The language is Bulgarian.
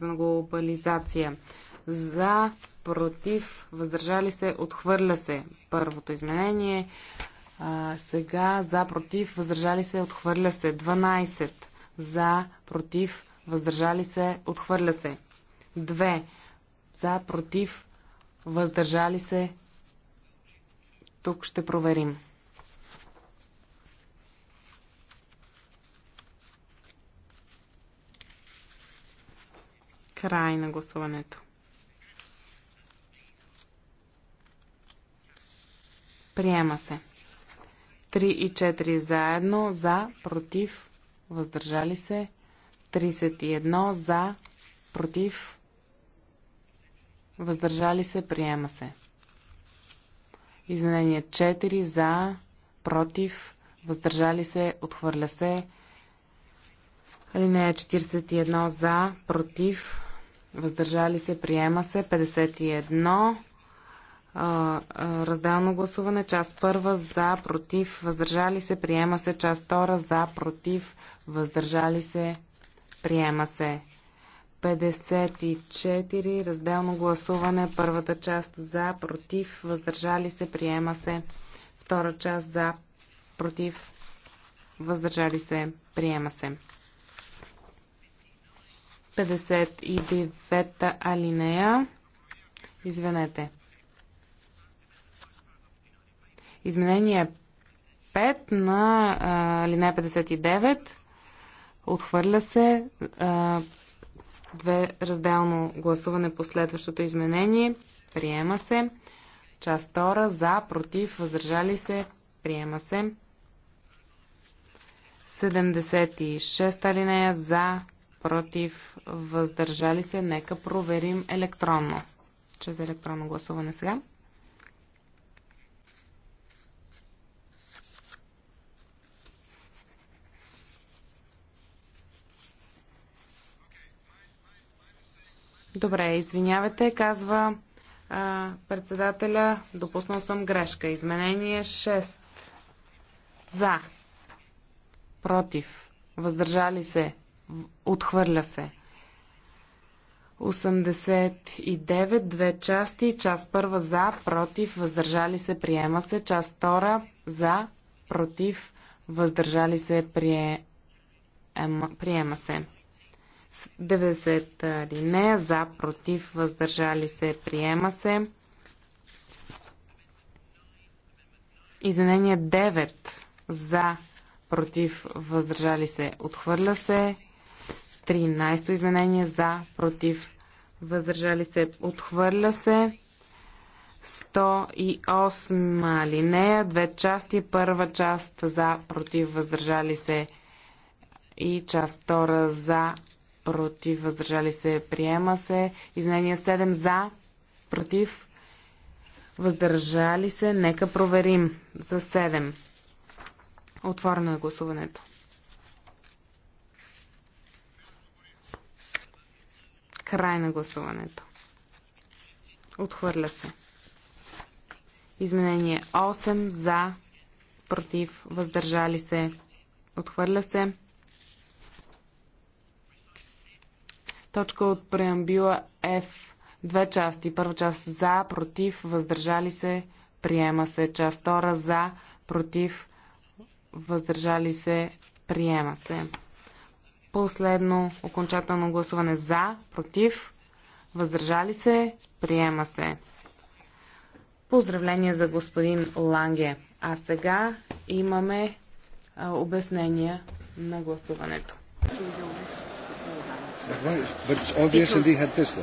на глобализация. За, против, въздържали се, отхвърля се. Първото изменение. А, сега за, против, въздържали се, отхвърля се. 12. За, против, въздържали се, отхвърля се. 2. За, против, въздържали се. Тук ще проверим. Край на гласуването. Приема се. 3 и 4 заедно, за, против, въздържали се. 31 за, против, въздържали се, приема се. Изменение 4 за, против, въздържали се, отхвърля се. Алинея 41 за, против, въздържали се, приема се. 51 разделно гласуване, част първа за, против, въздържали се, приема се, част втора за, против, въздържали се, приема се. 54 разделно гласуване, първата част за, против, въздържали се, приема се, втора част за, против, въздържали се, приема се. 59-та алинея. Извинете. Изменение 5 на а, алинея 59. Отхвърля се. А, две разделно гласуване по следващото изменение. Приема се. Част 2. За, против, въздържали се. Приема се. 76 алинея за, против, въздържали се, нека проверим електронно. Чрез електронно гласуване сега. Добре, извинявате, казва а, председателя. Допуснал съм грешка. Изменение 6. За. Против. Въздържали се. Отхвърля се. 89, две части. Част първа за, против, въздържали се, приема се. Част втора за, против, въздържали се, приема, приема се. 90 алинея за, против, въздържали се, приема се. Изменение 9 за, против, въздържали се, отхвърля се. 13-то изменение за, против, въздържали се, отхвърля се. 108 линея, две части, първа част за, против, въздържали се и част втора за, против, въздържали се, приема се. Изменение 7 за, против, въздържали се, нека проверим за 7. Отворено е гласуването. Край на гласуването. Отхвърля се. Изменение 8 за, против, въздържали се. Отхвърля се. Точка от преамбюла F. Две части. Първа част за, против, въздържали се. Приема се. Част втора за, против, въздържали се. Приема се. Последно окончателно гласуване за, против, въздържали се, приема се. Поздравление за господин Ланге. А сега имаме а, обяснения на гласуването. But,